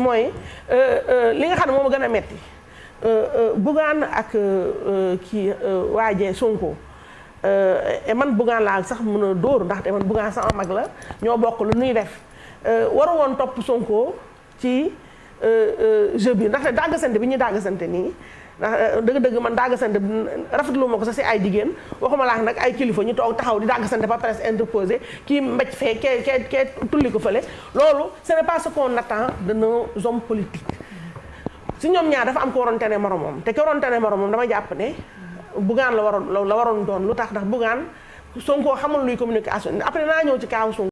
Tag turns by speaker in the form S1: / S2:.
S1: mooy euh, euh, li nga xam ne moom gën a metti euh, Bougane ak kii waajee Sonko e man Bougane laa sax mën a dóor ndaxte man Bougane sama mag la ñoo bokk lu nuy def waru topp Sonko ci Euh, euh, jeu bi ndax daggasante bi ñu ñuy daggasante nii ndax euh, dëgg-dëgg man rafet lu ma ko sax si ay jigéen waxuma laa nag ay kilifa ñu toog taxaw di dàgg daggasante ba presse interposé kii mbéj fee kee kee kee tulli ko fële loolu ce n'est pas ce qu'on attend de nos hommes politiques si ñoom ñaar dafa am ko waroon tene te ko waroon tene dama jàpp ne bugaan la waroon la waroon doon lu tax ndax bugaan Sonko xamul luy communication
S2: après naa ñëw ci kaaw